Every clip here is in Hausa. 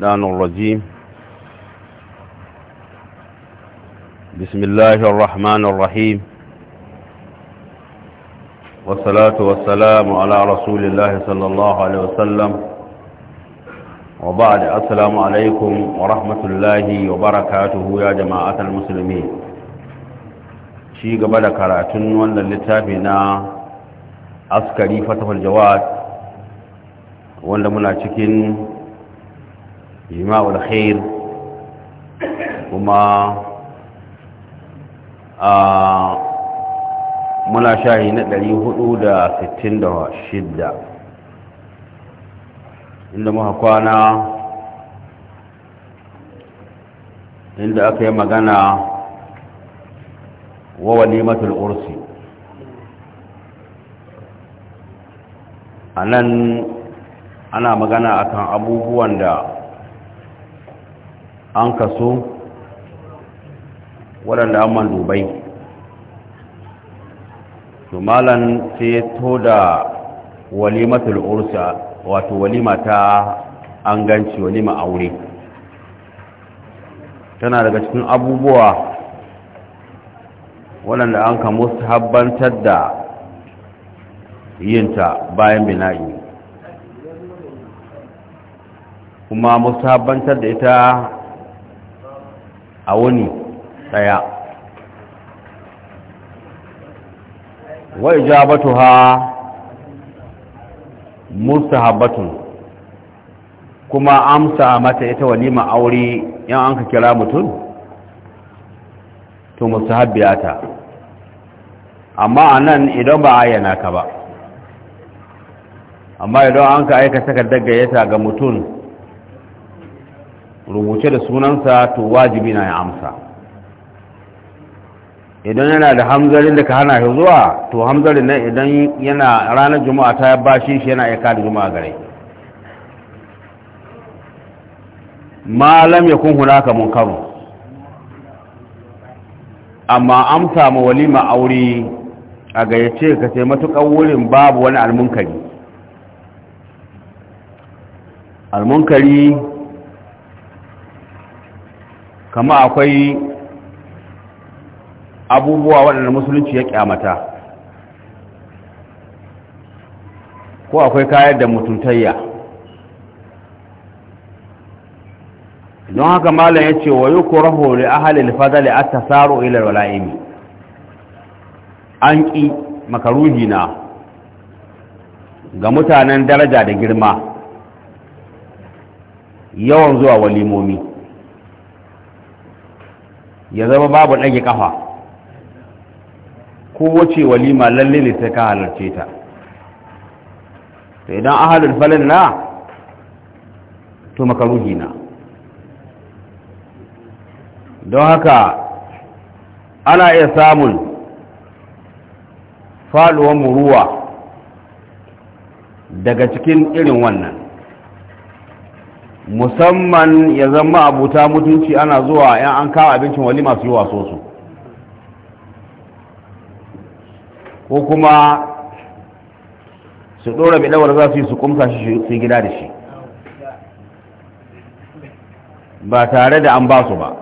الشيطان الرجيم بسم الله الرحمن الرحيم والصلاة والسلام على رسول الله صلى الله عليه وسلم وبعد السلام عليكم ورحمة الله وبركاته يا جماعة المسلمين شيء قبل كراتن ولا لتابنا أسكري فتح الجواد ولا منا jima'ul khair kuma a muna shahi na 466 inda muka kwana inda aka yi magana wa walimatul ursi a nan ana magana akan abubuwan da an kaso waɗanda an mandubai malan sai to da walimatul ursa wato walima ta an ganci walima aure tana daga cikin abubuwa waɗanda an kamo su habbantar da yinta bayan bina'i kuma musabbantar da ita a wuni daya wa ijabatuha mustahabbatun kuma amsa mata ita walima aure yan an ka kira mutum to mustahabbiyata amma anan idan ba ayyana ka ba amma idan an ka aika saka daggayeta ga mutum rubuce da sunansa to wajibi na ya amsa idan yana da hamzarin da ka hana shi zuwa to hamzarin nan idan yana ranar juma'a ta bashi shi yana aika da juma'a gare malam ya kun mun karo amma amsa ma walima aure a gayyace ka ce matuƙar wurin babu wani almunkari almunkari kama akwai abubuwa waɗanda musulunci ya kyamata ko akwai kayar da mutuntayya don haka malam ya ce wa yi kuraho da ahalil fadali a tasaro ilar wala'imi an ƙi makaruhi na ga mutanen daraja da girma yawan zuwa walimomi ya zama babu ɗage ƙafa ko wace walima lalle ne sai ka halarce ta to idan ahalul falin na to makaruhi na don haka ana iya samun faɗuwar muruwa daga cikin irin wannan musamman ya zama abuta mutunci ana zuwa yan an kawo abincin wali masu yi waso su ko kuma su ɗora mai ɗawar za su yi su kumsa shi su gida da shi ba tare da an ba su ba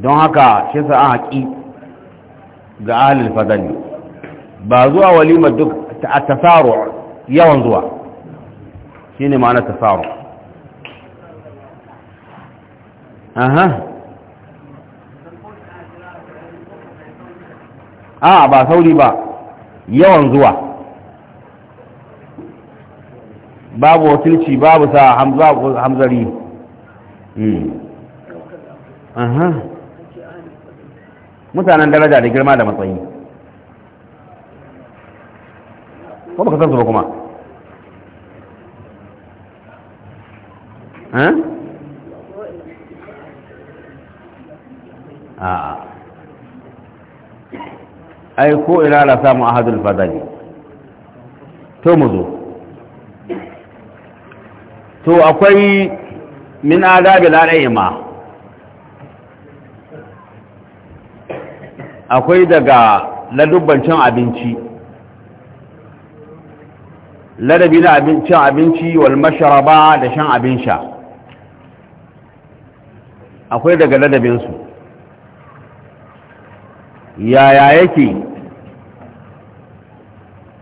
don haka shi sa an haƙi ga ahalil fadani ba zuwa walimar duk a tasaro yawan zuwa ne ma'ana tasaru aha a ba sauri ba yawan zuwa babu wakilci babu sa hamzari hmm. aha mutanen daraja da girma da matsayi ko baka san su ba kuma ai ko ina la samu ahadul fadali to mu zo to akwai min adabi la'ima akwai daga ladubbancin abinci ladabi na cin abinci wal masharaba da shan abin sha akwai daga ladabinsu yaya yake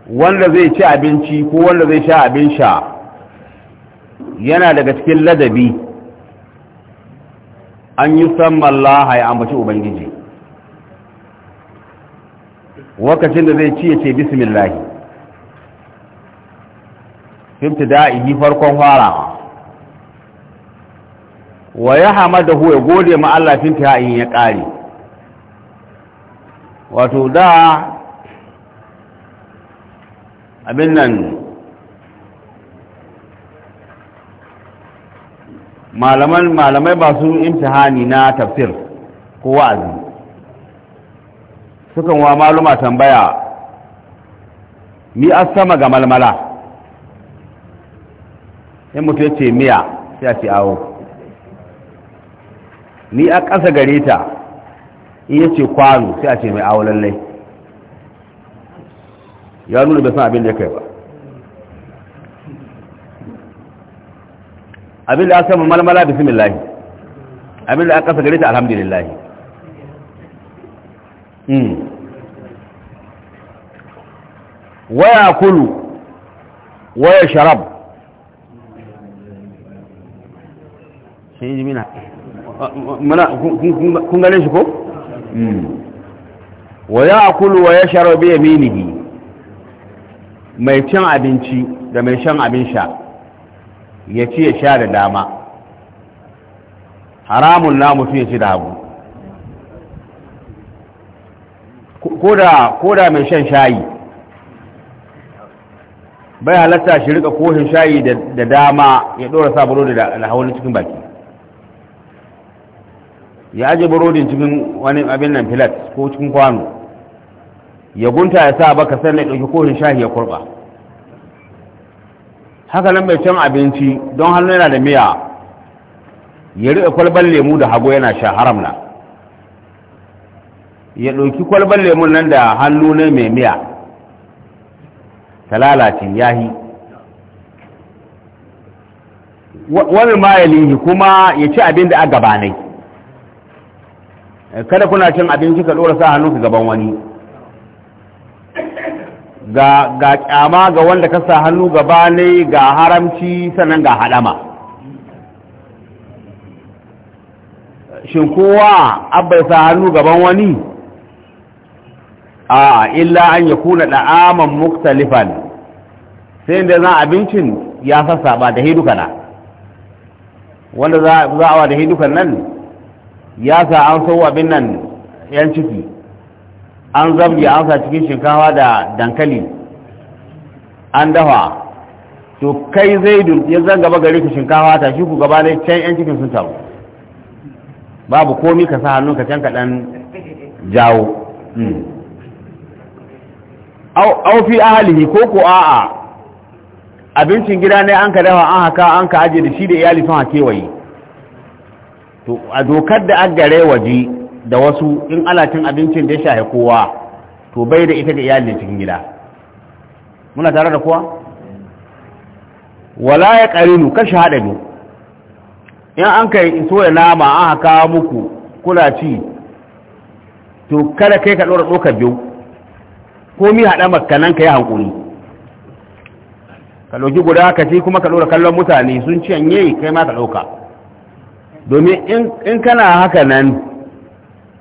wanda zai ci abinci ko wanda zai sha abin sha yana daga cikin ladabi an yi samman laha ya ambaci ubangiji wakacin da zai ci ya ce bismillahi fimta da'ihi farkon farawa wa ya da huwa gode ma Allah fin in ya kare wato da abin nan malaman malamai ba su imtihani na tafsir ko wa'azi sukan wa maluma tambaya mi asama ga malmala in mutu ya ce miya sai a ce awo ni a ƙasa gare ta in yace kwano sai a ce mai awo lallai ya nuna bai san abin da ya kai ba abin da aka sama malmala bismillah abin da aka ƙasa gare ta alhamdulillah hmm. waya kulu waya sharab shi yi mina kun gane shi ko hmm. wa Kulu wa sharo biya minihi mai cin abinci da mai shan abin sha ya ci ya sha da dama haramun na mutum ya ci da hagu da mai shan shayi bai halatta shi rika koshin shayi da dama ya dora saburo da haulun cikin baki ya aje burodin cikin wani abin nan filat ko cikin kwano ya gunta ya sa baka sannan ɗauki kohin shahi ya kurɓa haka nan mai can abinci don hannu yana da miya ya riƙe kwalban lemu da hagu yana sha haram na ya ɗauki kwalban lemun nan da hannu ne mai miya ta lalace yahi wani ma ya lihi kuma ya ci abin da a gabanai kada kuna cin abinci ka dora sa hannunka gaban wani ga ga kyama ga wanda ka sa hannu gaba ne ga haramci sannan ga hadama shin kowa abbai sa hannu gaban wani a illa an ya kuna da'aman muktalifan sai inda za abincin ya sassa ba da hiduka na wanda za a wa da hidukan nan ya sa an so abin nan yan ciki an zabge an sa cikin shinkawa da dankali an dafa to kai zaidu ya zan gaba gari ku shinkawa ta shi ku gaba ne can yan cikin sun taru babu komi ka sa hannun ka can kaɗan jawo hmm. au fi ahalihi ko ko a'a abincin gida ne an ka dafa an haka an ka aje da shi da iyali sun ha kewaye to a dokar da an gare waje da wasu in alatin abincin da ya shahe kowa to bai da ita ga iyalin cikin gida muna tare da kowa wala ya karinu kashi haɗa biyu in an kai soya nama an haka muku kula ci to kada kai ka ɗora ɗokar biyu komi haɗa makanan ka yi hankuli ka ɗauki guda ka ci kuma ka ɗora kallon mutane sun ci yi kai ma ka ɗauka domin in kana haka nan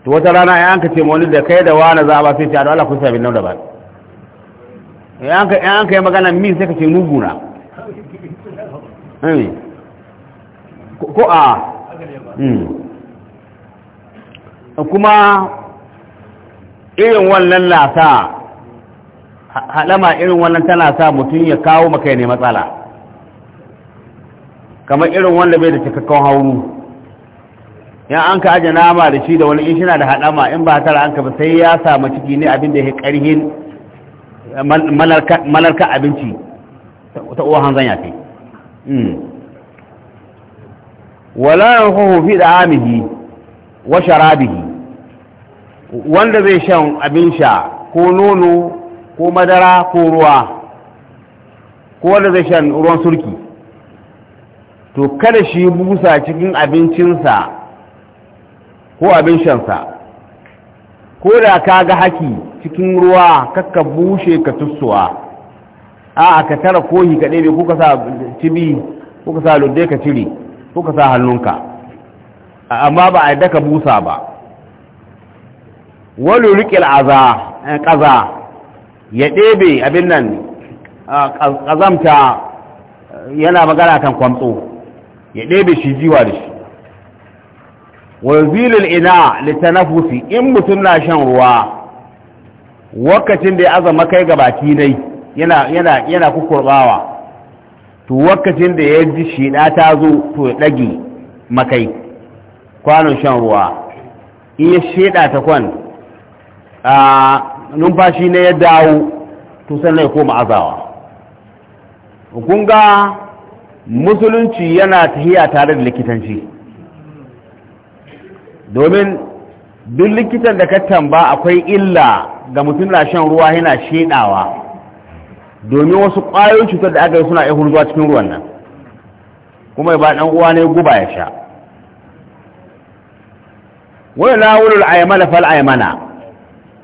to wata rana ya an ka ce wani da kai da wani za a ba sai ce adawa kun sami nan da ba ya an ka yi magana min sai ka ce muguna eh. ko a hmm. kuma irin wannan lasa halama irin wannan tana sa mutum ya kawo maka ne matsala kamar irin wanda bai da cikakken hauru ya an ka aje nama da shi da wani in shina da haɗama in ba tara an ka ba sai ya samu ciki ne abin da ya ƙarhin eh, malarka abinci ta uwa hanzan mm. ya fi wala yankuhu fi da amihi wa sharabihi wanda zai shan abin sha ko nono ko madara ko ruwa ko wanda zai shan ruwan surki to kada shi busa cikin abincinsa ko abin shansa ko da ka ga haki cikin ruwa kakka bushe ka tussuwa a ka tara kohi ka ɗebe ko ka sa cibi ko ka sa lodde ka cire ko ka sa hannunka amma ba a daka busa ba wani riƙe eh, ƙaza ya ɗebe abin nan ƙazamta yana magana kan kwamso ya ɗebe shi jiwa da shi wanzilul ina litanafusi in mutum na shan ruwa wakacin da ya azama kai ga baki dai yana yana yana kukurbawa to wakacin da ya ji shida ta zo to ya dage makai kwanon shan ruwa in ya sheda ta kwan a numfashi ne ya dawo to sannan ya koma azawa kun ga musulunci yana tahiya tare da likitanci domin duk likitan da ka tamba akwai illa ga mutum na shan ruwa yana shedawa domin wasu ƙwayoyin cutar da aka yi suna iya hulzuwa cikin ruwan nan kuma ba ɗan uwa ne guba ya sha wani lawulul ayyamana fal ayyamana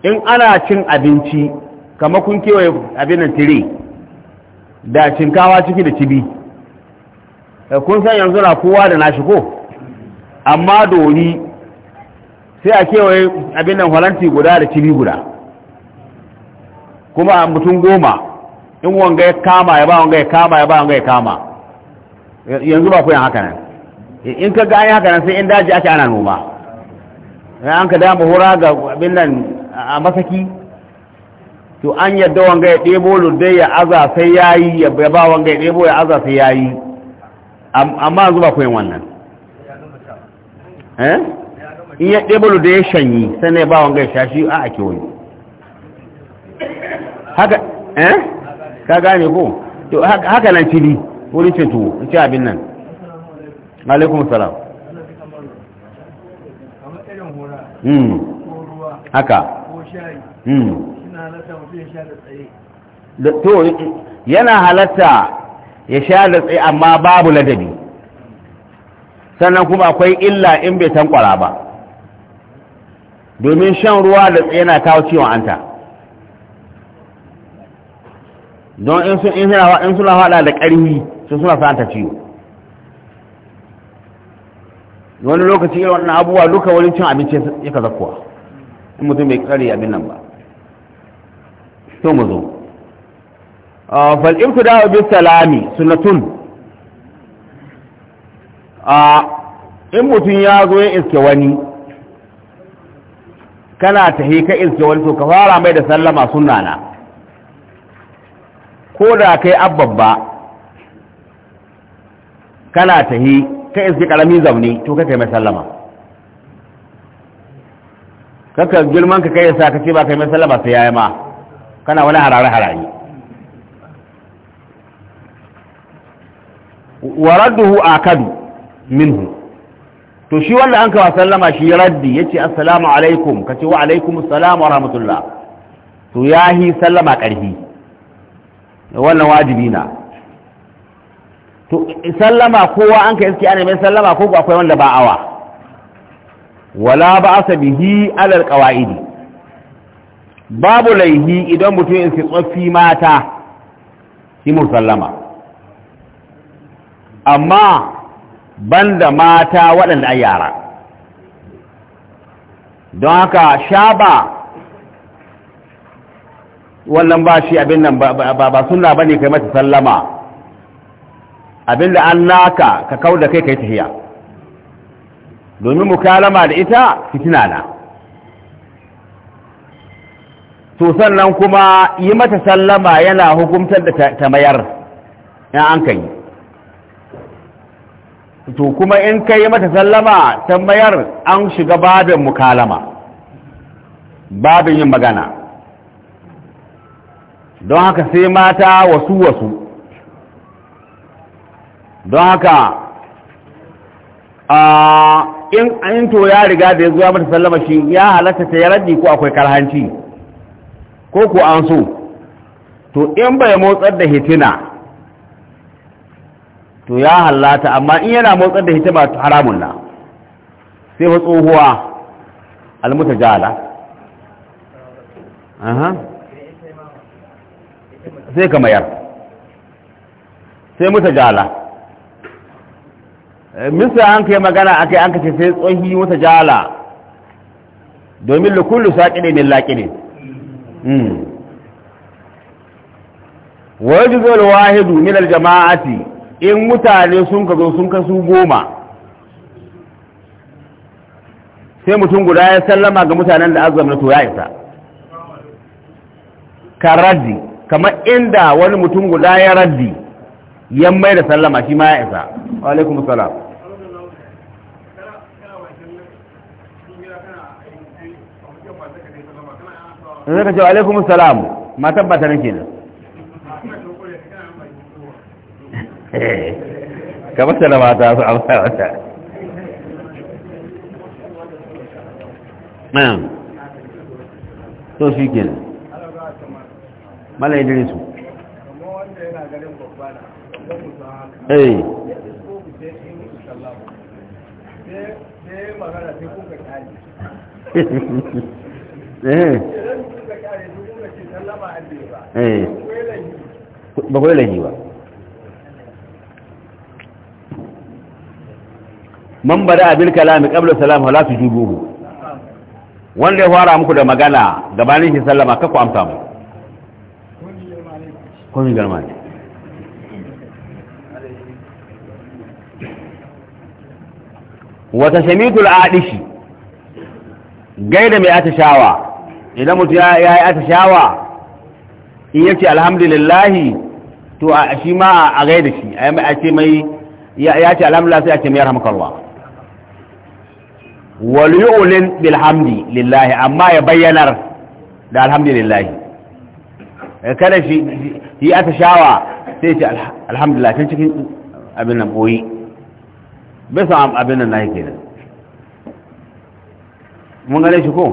in ana cin abinci kama kun kewaye abinan tire da cinkawa ciki da cibi eh, kun san yanzu na kowa da nashi ko amma dori sai a kewaye abin nan holanti guda da cibi guda kuma a mutum goma in wanga ya kama ya ba wanga ya kama ya ba wanga ya kama yanzu ba kuyan haka nan in ka gani haka nan sai in daji ake ana noma ya an ka dama hura ga abin nan a masaki to an yadda wanga ya ɗebo luddai ya aza sai ya yi ya ba wanga ya ɗebo ya aza sai ya yi amma yanzu ba kuyan wannan eh in ya ɗebulu da ya shanyi sai ne ba wanga ya shi a ake haka eh ka gane ko to haka nan cili wurin cin tuwo in ci abin nan alaikum salam hmm. haka hmm. to yana halatta ya sha da tsaye amma babu ladabi sannan kuma akwai illa in bai tankwara ba domin shan ruwa da yana kawo ciwon anta don in sun in suna in suna hada da ƙarfi sun suna sa anta ciwo wani lokaci irin wannan abubuwa duka wani cin abinci yaka kuwa in mutum bai kare abin nan ba to mu zo fal ibtida'u bis salami sunnatun in mutum ya zo ya iske wani kana ta hi ka iske wani to ka fara mai da sallama suna na ko da kai ababba kana ta hi ka iske karamin zaune to ka kai mai sallama kaka girman ka kai sa ka ce ba kai mai sallama sai yayi ma kana wani harare harare wa radduhu akadu minhu to shi wanda an kawo sallama shi raddi ya ce assalamu alaikum ka ce wa alaikum assalam wa rahmatullah to ya hi sallama ƙarfi wannan wajibi na to sallama kowa an ka iske ana mai sallama ko akwai wanda ba awa wala ba asa bihi alal qawaidi babu laihi idan mutum ya iske tsoffi mata shi sallama amma banda mata waɗanda a yara don haka sha ba wannan ba shi abin nan ba suna ba ne kai mata sallama abin da an naka ka kawo da kai kai tafiya domin mukalama da ita fitina na to sannan kuma yi mata sallama yana hukumtar da ta mayar ya an kai to kuma in ka yi mata sallama ta mayar an shiga babin mukalama babin yin magana don haka sai mata wasu wasu don haka a in to ya riga da ya zuwa mata sallama shi ya halatta ta yaradi ko akwai karhanci ko ku an so to in bai motsar da hitina to ya hallata amma in yana motsar da hijaba haramun na sai wa tsohuwa almutajala aha sai ka mayar sai mutajala eh, misa an kai magana akai an kace sai tsohi mutajala domin lukullu saqine min laqine mm wa wahidu min aljama'ati in mutane sun ka zo sun kasu goma sai mutum guda ya sallama ga mutanen da azam na to ya isa ka raddi kamar inda wani mutum guda ya raddi yan mai da sallama shi ma ya isa wa alaikum salam zaka ce wa alaikum salam ma tabbata nake nan kamar da mata su amsa wata nan to shi ke nan mala idrisu eh, eh. eh. ba yi lahi ba man bada abil kalami qabla salam wala tujubuhu wanda ya fara muku da magana gabanin shi sallama kakku amsa mu kun garma ne wata shamitul adishi gaida mai atashawa idan mutu ya yi atashawa in yace alhamdulillahi to a shi ma a gaida shi a ce mai ya ce alhamdulillah sai a ce mai yarhamukallah wal bilhamdi lillahi amma ya bayyanar da alhamdulillah eh, kada shi yi atashawa sai ce alhamdulillah tun cikin abin nan boyi bisa abin nan nahi kenan mun gane shi ko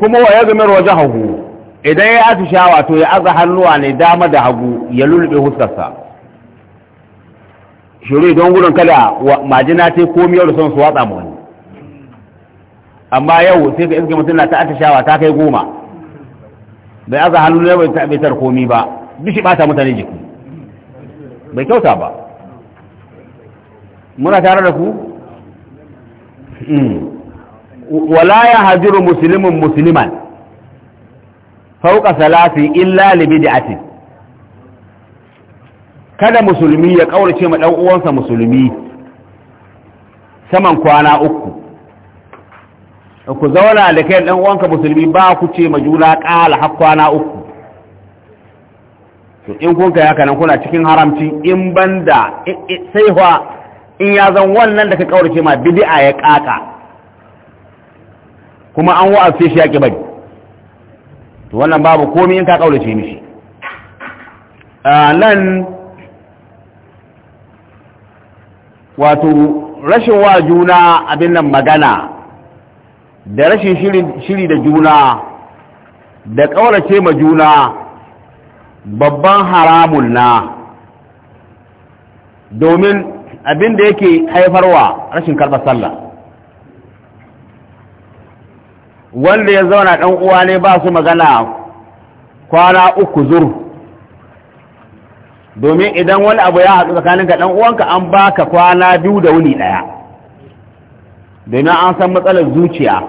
kuma wa yagmir wajahu idan ya atashawa to ya aza hannuwa ne dama da hagu ya lulube huskarsa shiru don gudun kada majina yi komiyar da son su watsa mu wani amma yau sai ka iske mutum na ta atashawa ta kai goma bai aza hannu ne bai tabbatar komi ba bishi bata mutane jiki bai kyauta ba muna tare da ku hmm. wala ya hajiru musulmin musulman fauka salati illa li bid'ati kada musulmi ya kaurace ma dan uwansa musulmi saman kwana uku ku zauna da kai dan uwanka musulmi ba ku ce ma juna ƙala har uku to in kun kai haka nan kuna cikin haramci in banda sai fa in ya zan wannan da ka kaurace ma bid'a ya kaka kuma an sai shi ya ki bari to wannan babu komai in ka kaurace mishi nan wato rashin wa juna abin nan magana da rashin shiri da juna da ƙaurace ma juna babban haramun na domin abin da yake haifarwa rashin karɓar sallah wanda ya zauna ɗan uwa ne ba su magana kwana uku zuru domin idan wani abu ya haɗu tsakaninka ɗan uwanka an baka kwana biyu da wuni ɗaya domin an san matsalar zuciya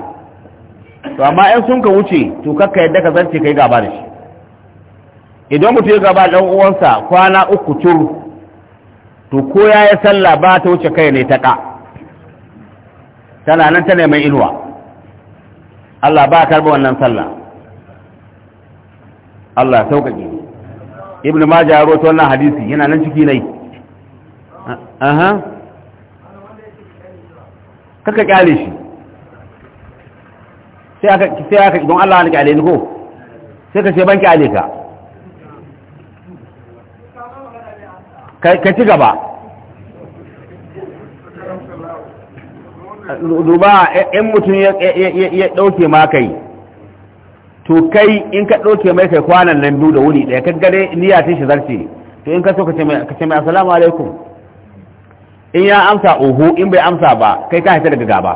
to amma in sun ka wuce to kakka yadda ka zance kai gaba da shi idan mutum ya gaba dan uwansa kwana uku tur to ko ya yi sallah ba ta wuce kai ne ta ka tana nan ta neman inuwa Allah ba karba wannan sallah Allah sauƙaƙe ibn majah ya wannan hadisi yana nan ciki nai aha kaka kyale shi sai aka sai aka don Allah ne kyale ni ko sai ka ce banki kyale ka ka ci gaba duba in mutum ya dauke ma kai to kai in ka dauke mai kai kwanan nan biyu da wuri daya ka gare niyya ta shi zarce to in ka so ka ce mai assalamu alaikum in ya amsa uhu in bai amsa ba kai ka haita daga gaba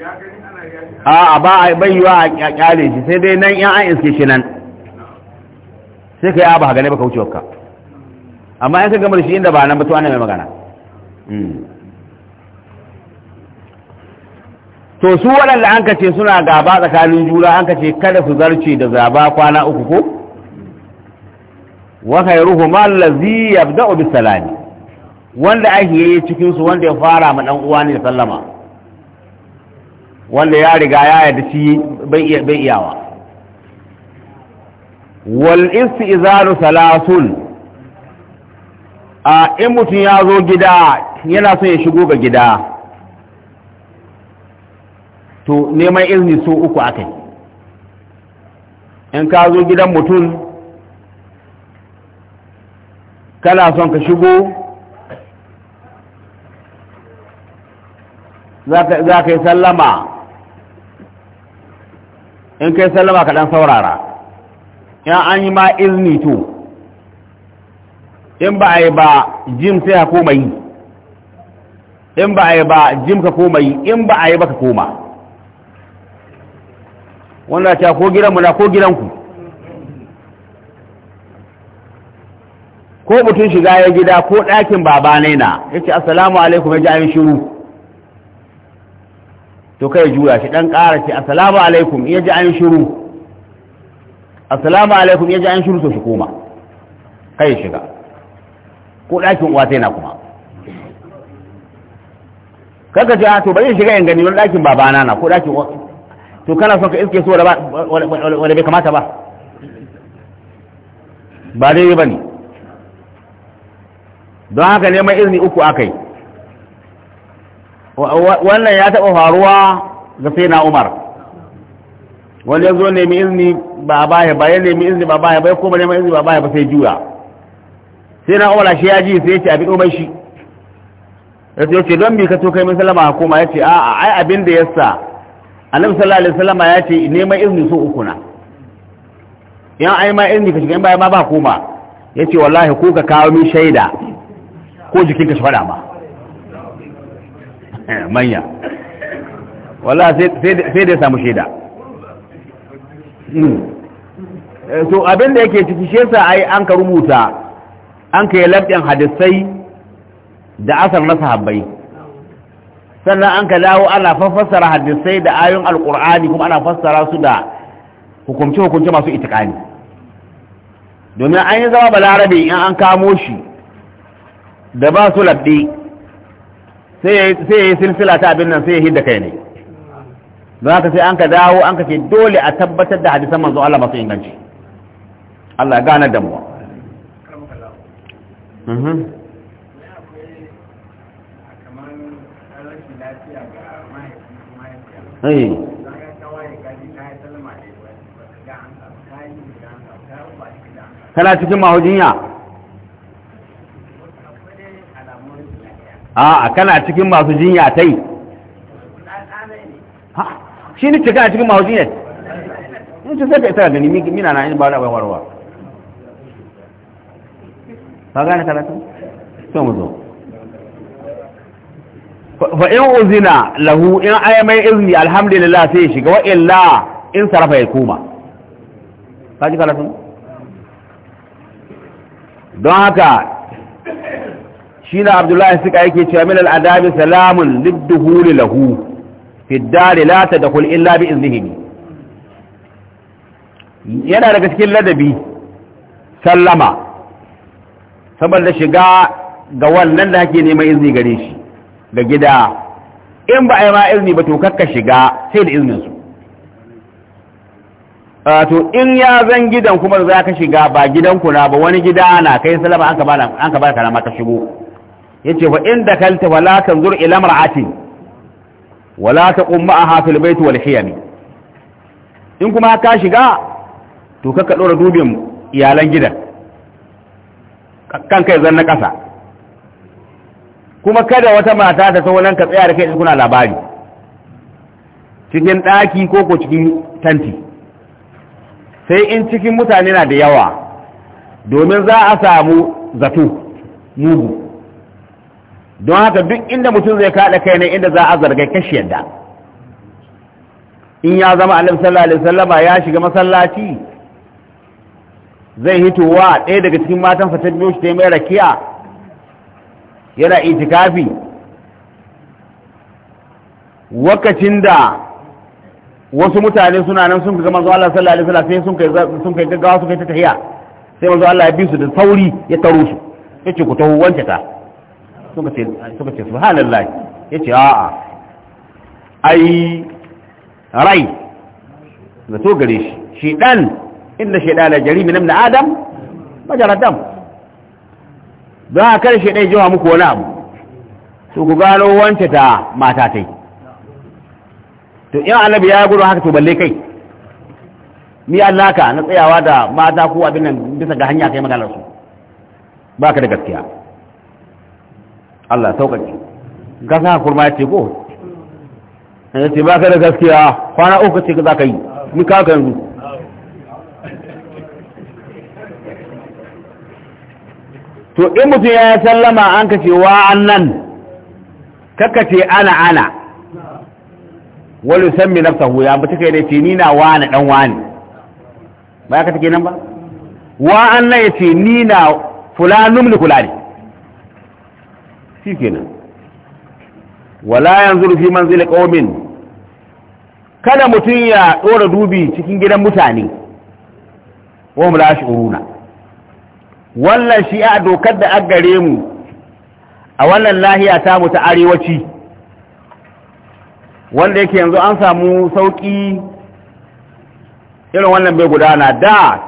a a ba a wa a kyale shi sai dai nan yan an iske shi nan sai ka yi abu hagane baka wucewa ka amma yan ka gama shi inda ba nan mutuwa ana mai magana hmm. to su waɗanda an ka ce suna gaba tsakanin juna an ka ce kada su zarce da zaba kwana uku ko wa khairuhu mal ladhi yabda'u bis salami wanda ake yi cikin su wanda ya fara ma dan uwa ne da sallama wanda ya riga ya yarda shi bai iyawa wal istizaru salasun a in mutum ya zo gida yana son ya shigo ga gida to neman izini so uku akai in ka zo gidan mutum kana son ka shigo za ka yi sallama in kai sallama ka dan saurara in an yi ma izini to in ba a yi ba jim sai ka koma yi in ba a yi ba jim ka koma yi in ba a yi ba ka koma wanda ta ko gidanmu na ko gidanku ko mutum shiga ya gida ko ɗakin babanai na ya ce assalamu alaikum ya ji an shiru to kai jura shi dan ƙara ce assalamu alaikum ya ji an shiru assalamu alaikum ya ji an shiru so shi koma kai shiga ko ɗakin uwa na kuma kaga ji ah, to bai shiga in gani wani ɗakin babana na ko ɗakin uwa to kana son ka iske so wanda bai kamata ba ba dai ba ne don haka neman izini uku akai wannan ya taɓa faruwa ga sai na umar wani ya zo nemi izini ba a baya ba ya nemi izini ba a baya ba ya koma neman izini ba a baya ba sai juya sai na umar shi ya ji sai ya ce abin umar shi ya ce yace don bi ka to min salama a koma ya ce a'a ai abin da yasa annabi sallallahu alaihi wasallama ya ce neman izini so uku na yan ai ma izini ka shiga in baya ma ba koma ya ce wallahi ko ka kawo min shaida ko jikinka shi faɗa ma Eh, manya wala sai da samu shaida hmm. eh, to abin da yake ciki shesa ai an ka rubuta an ka yi labdin hadisai da asar na sahabbai sannan an ka dawo ana fassara hadisai da ayon alkur'ani kuma ana fassara su da hukumce-hukumce masu itikani domin an yi zama balarabe in an kamo shi da ba su labdi sai ya yi silsila ta abin nan sai ya hidda kai ne Za ka sai an ka dawo an ka ce dole a tabbatar da hadisan manzo Allah masu inganci Allah ya gane damuwa mhm. eh. kana cikin mahujiya a kana cikin masu jinya ta yi shi ne cika kana cikin masu jinya in ce sai ka isa gani mina na yin ba da abai warwa ba gane karatu sai mu zo fa in uzina lahu in aya mai izini alhamdulillah sai shiga wa illa in sarrafa ya koma ka ji karatu don haka shi abdullahi suka yake cewa min al'adabi salamun lidduhuli lahu fiddari la ta dakul illa bi iznihi yana daga cikin ladabi sallama saboda shiga ga wannan da hake neman izini gare shi ga gida in ba a yi ma izini ba to kakka shiga sai da izininsu to in ya zan gidan kuma za ka shiga ba gidan kuna ba wani gida na kai salama an ka ba ka na mata shigo yace wa inda dakalta wala tanzur ila mar'ati wala taqum ma'aha fil bayt wal in kuma ka shiga to kaka dora dubin iyalan gidan kan kai zan na kasa kuma kada wata mata ta so nan ka tsaya da kai kuna labari cikin ɗaki ko ko cikin tanti sai in cikin mutane na da yawa domin za a samu zato mugu don haka duk inda mutum zai kaɗa kai ne inda za a zarge kashi yadda in ya zama alim sallallahu alaihi wasallama ya shiga masallaci zai hitowa ɗaya daga cikin matan fatar biyu shi ta mai rakiya yana itikafi wakacin da wasu mutane suna nan sun ga manzo Allah sallallahu alaihi wasallam sai sun kai sun kai gaggawa sun kai ta tahiya sai manzo Allah ya bi su da sauri ya taro su yace ku taho wance ta suka ce ya ce a yace a'a ai rai da to gare shi ɗan inda jari minam na adam majalar dam don haka kar shedan jiwa muku wani abu to ku gano wance ta mata tai to yin annabi ya gudu haka to balle kai ni Allah ka na tsayawa da mata ko abin nan bisa ga hanya kai maganar su ka da gaskiya Allah sauƙaƙe gasa kurma ya ce ko ya ce ba ka da gaskiya kwana uku ce za ka yi ni ka ka yanzu to in mutum ya sallama an ka ce wa annan kakka ce ana ana wani san mai nafsa huya ba take da ce ni na wani dan wani ba ya ka take nan ba wa annan ya ce ni na fulanum ni ne. shi kenan wala yanzu fi manzili qaumin kada mutum ya dora dubi cikin gidan mutane wa mu la shuruna wannan shi a dokar da an gare mu a wannan lahiya ta mu ta arewaci wanda yake yanzu an samu sauki irin wannan bai gudana da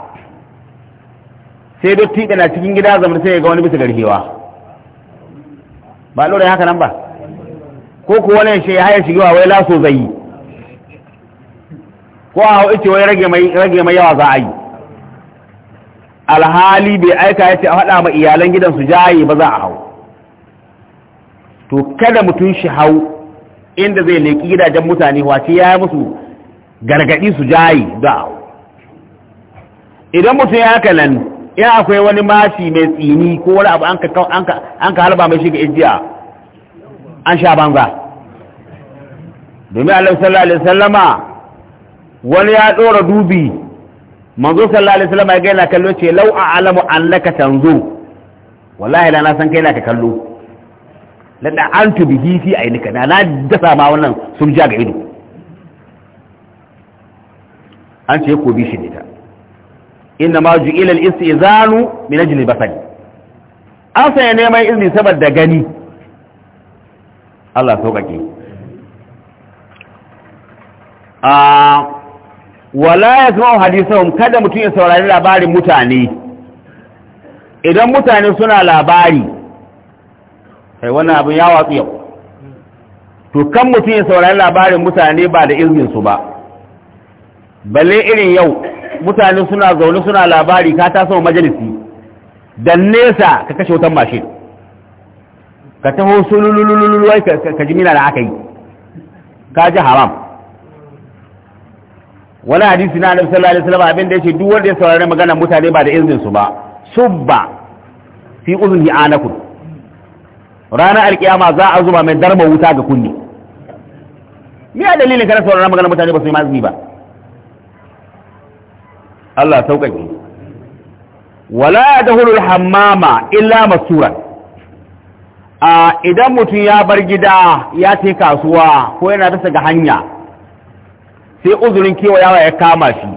sai tiɗa na cikin gida zama sai ga wani bisa garhewa ba lura haka nan ba ko ko wani shi ya haya shigewa wai laso zai yi ko a hau ice wai rage mai yawa za a yi alhali bai aika ya ce a haɗa ma iyalan gidan su jaye ba za a hau to kada mutum shi hau inda zai leƙi gidajen mutane wace ya yi musu gargaɗi su jaye za a hau idan mutum ya haka nan in akwai wani mashi mai tsini ko wani abu an ka halba mai shiga ijiya an sha banza domin Allah sallallahu alaihi wasallama wani ya ɗora dubi manzo sallallahu alaihi wasallama ya ga yana kallo ce lau a alamu annaka tanzu wallahi la na san kai na ka kallo da an tubi hifi a yi nika da na dasa ma wannan sun ja ga ido an ce ko bi shi ne ta inna ma ju'ila al-istizanu min ajli basari an sanya neman izini saboda gani Allah sauƙaƙe ah wala ya zama hadisahum kada mutum ya saurari labarin mutane idan mutane suna labari kai wannan abin ya watsu yau to kan mutum ya saurari labarin mutane ba da su ba balle irin yau mutane suna zaune suna labari ka taso majalisi da nesa ka kashe wutan mashin ka taho sulululululuwai ka ji mina da aka yi ka ji haram wani hadisi na annabi sallallahu alaihi wasallam abin da yake duk wanda ya saurari magana mutane ba da izinin su ba subba fi uzuni anakun ranar alkiyama za a zuba mai darma wuta ga kunni me dalilin kana saurari magana mutane ba su yi mazini ba Allah sauƙaƙe wala da hulul hammama illa masura a idan mutum ya bar gida ya ce kasuwa ko yana dasa ga hanya sai uzurin kewayawa ya kama shi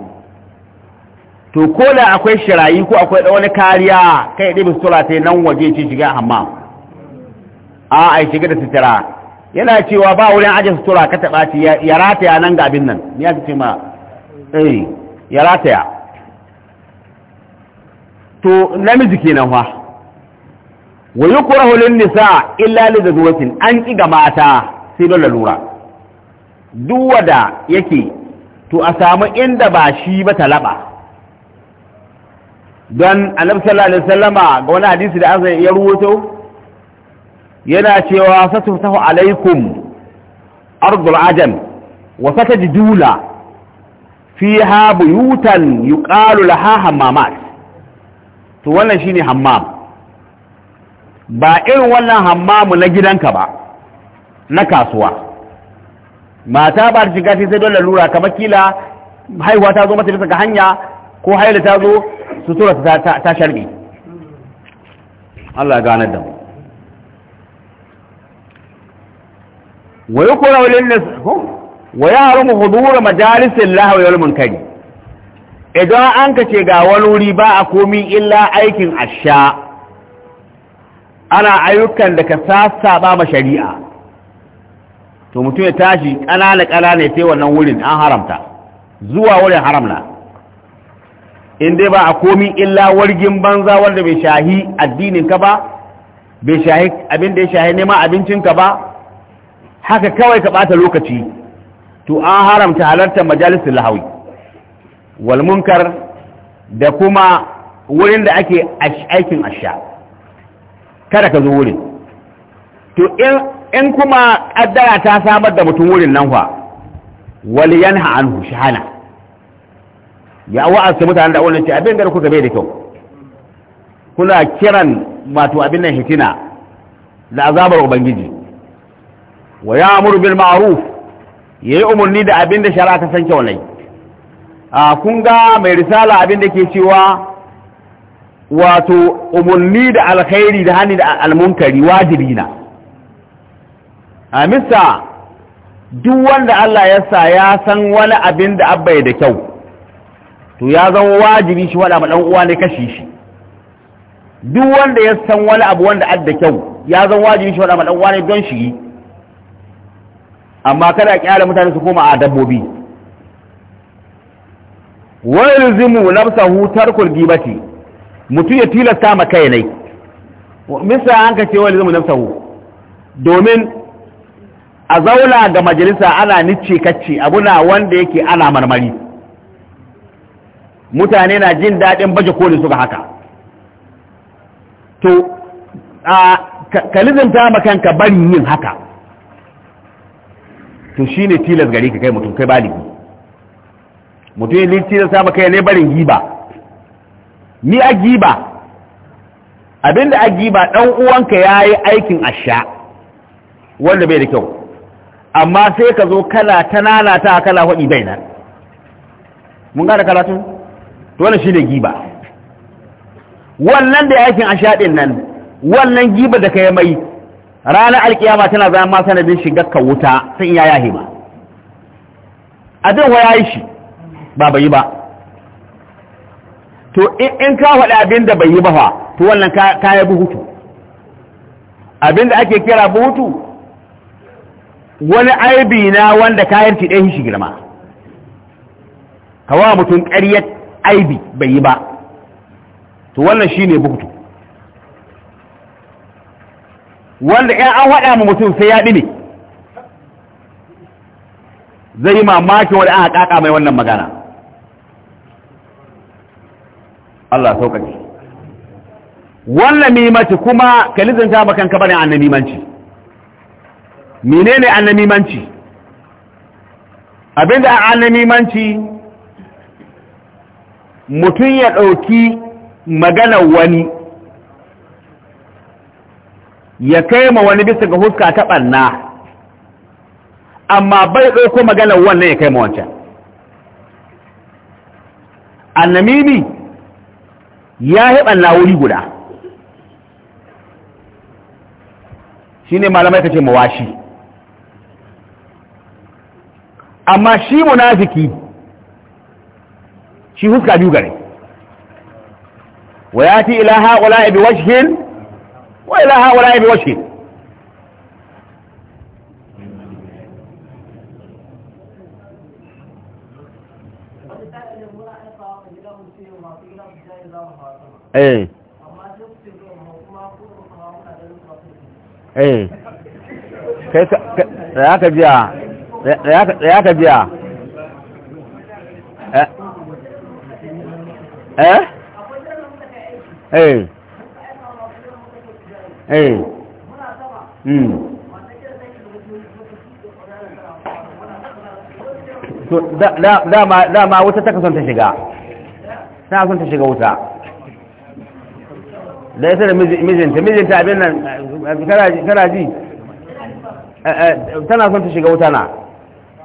to ko akwai shirayi ko akwai da wani kariya kai ɗaya bisula sai nan waje ce shiga hamma a a shiga da sutura yana cewa ba wurin ajiye sutura ka taɓa ya rataya nan ga abin nan ya ce ma eh, ya rataya to namiji kenan fa wa yukrahu lin nisa illa li zawjatin an ki ga mata sai don lalura duk wanda yake to a samu inda ba shi ba talaba don annabi sallallahu alaihi wasallama ga wani hadisi da aka ya ruwato yana cewa satuftahu alaikum ardul ajam wa satajidula fiha buyutan yuqalu laha hammamat to wannan shine hammam ba irin wannan hammamu na gidanka ba na kasuwa mata ba ta shiga sai dole lura kamar kila haihuwa ta zo mata bisa ga hanya ko haila ta zo tura ta ta sharbi Allah ya ganar da mu wa yukra lin nas wa yahrumu hudur majalis Allah wal munkari idan an ka ce ga wani wuri ba a komi illa aikin asha ana ayyukan da ka sassa ba ma shari'a to mutum ya tashi ƙanana ƙanana ya wannan wurin an haramta zuwa wurin haramna in dai ba a komi illa wargin banza wanda bai shahi addininka ba bai shahi abin da ya shahi neman abincinka ba haka kawai ka bata lokaci to an haramta halartar majalisar lahawi wal munkar da kuma wurin da ake aikin asha kada ka zo wurin to in kuma addara ta samar da mutum wurin nan fa wal yanha anhu shahana ya wa'azta mutanen da wannan ce abin da kuka bai da kyau kuna kiran wato abin nan hitina da azabar ubangiji wa ya bil ma'ruf yayi umurni da abin da shara ta sanke wallahi a kun ga mai risala abin da ke cewa wato umarni da alkhairi da hannu da almunkari wajibi na a misa duk wanda Allah ya sa ya san wani abin da abba da kyau to ya zama wajibi shi wada ma uwa ne kashi shi duk wanda ya san wani abu wanda adda kyau ya zama wajibi shi wada ma uwa ne don shi amma kada a kyale mutane su koma a dabbobi wa yalzimu nafsahu tarkul gibati mutum ya tilasta ma kai ne misa an ka ce wa nafsahu domin a zauna ga majalisa ana nice kacce abuna wanda yake ana marmari mutane na jin daɗin baje koli ga haka to a ta ma kanka barin yin haka to shine tilas gare ka kai mutum kai baligi mutum ya linci da samu kai ne barin giba ni a giba abinda a giba ɗan uwanka ya yi aikin asha wanda bai da kyau amma sai ka zo kala ta a kala waɗi bai nan mun gane karatu to shi shine giba wannan da aikin asha ɗin nan wannan giba da ka yi mai ranar alkiyama tana zama sanadin shigar ka wuta sun yayahe ma abin wa yi shi ba bai yi ba to in ka faɗi abin da bai yi ba fa to wannan ka yi buhutu abin da ake kira buhutu wani aibi na wanda kayan ci ɗaya shi girma kawo mutum ƙaryar aibi bai yi ba to wannan shi ne buhutu wanda ‘yan an haɗa ma mutum sai ya ɗine zai yi mamakin wani an haƙaƙa mai wannan magana Allah sauƙaƙe wannan mimanci kuma ka lizanta bakan ka barin annamimanci menene annamimanci abinda mimanci mutum ya ɗauki maganar wani ya kai ma wani bisa ga huska ta ɓanna amma bai ɗauko maganar wannan ya kai ma wancan annamimi ya yi ɓanna wuri guda shi ne malamai ka ce mawashi amma shi munafiki shi huska biyu gare wa ya ti ilaha wala ibi washin wa ilaha wala ibi washin eh eh kai da ka biya da ya ka biya eh eh eh, eh. Hmm. da, ma wuta ta kasanta shiga ta kasanta shiga wuta da ya da mijinta mijinta abin nan tana ji eh, eh, tana son ta shiga wuta na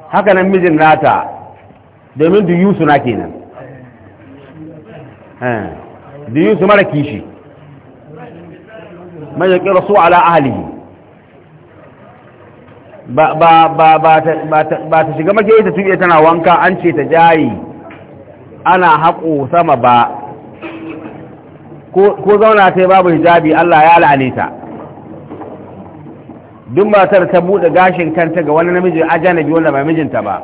haka nan mijin nata domin duyu suna kenan eh, duyu su mara kishi mai yaƙi rasu ala ahali ba ta shiga maka yi ta tuɓe tana wanka an ce ta jayi ana haƙo sama ba ko zauna ta babu hijabi Allah ya la'ane ta duk matar ta bude gashin kanta ga wani namiji ajanabi wanda ba mijinta ba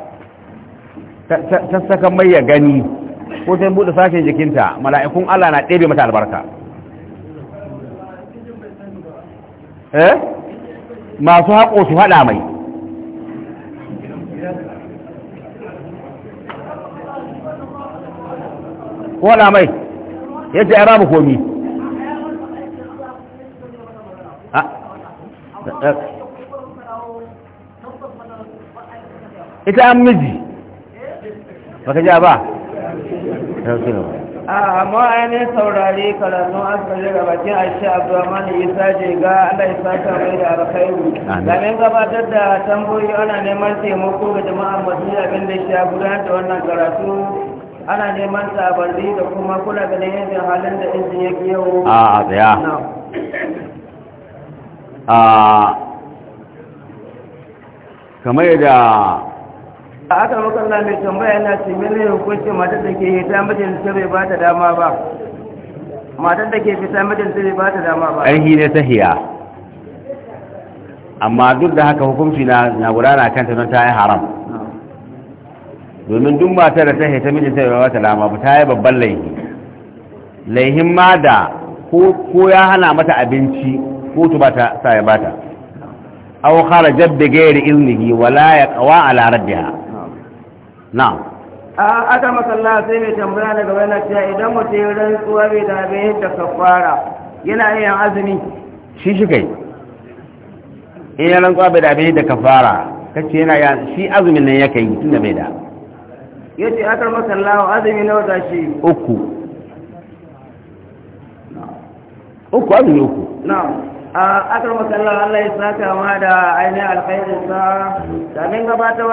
ta saka mai ya gani ko ta bude sashen jikinta mala'ikun Allah na ɗebe mata albarka eh masu haƙo su haɗa mai ko haɗa mai ya ce ai babu komi ita an miji baka ja ba amma ainihin saurari karatun asali da bakin ashe abdulrahman isa ce ga allah isa ta mai da alkhairu domin gabatar da tamboyi ana neman taimako ga jama'a masu abin da shi gudanar da wannan karatu ana neman sabarri da kuma kula da yadda halin da injin ya kiyo a tsaya a kamar da a aka na mai tambaya yana cimini hukunci matan da ke hita mijin bai ba ta dama ba matan da ke fita mijinta bai ba ta dama ba ainihi ne ta hiya amma duk da haka hukunci na gudana kanta don ta yi haram domin duk mata da ta haita mijinta ya mata lama ba ta yi babban laihi laihin ma da ko ya hana mata abinci ko tu ba ta sa ya bata aw kharaja bi ghairi iznihi wala yaqwa ala raddiha na'am a aka masalla sai mai tambaya daga wani cewa idan mutum ya rantsuwa bai da abin da kafara yana yin azumi shi shi kai in ya rantsuwa bai da abin da kafara kace yana shi azumin nan yake yi tunda bai da ya ce akar masallawa azumi na wata shi uku uku azumi uku na akar masallawa allah ya saka ma da ainihin alkhairinsa domin gabatarwa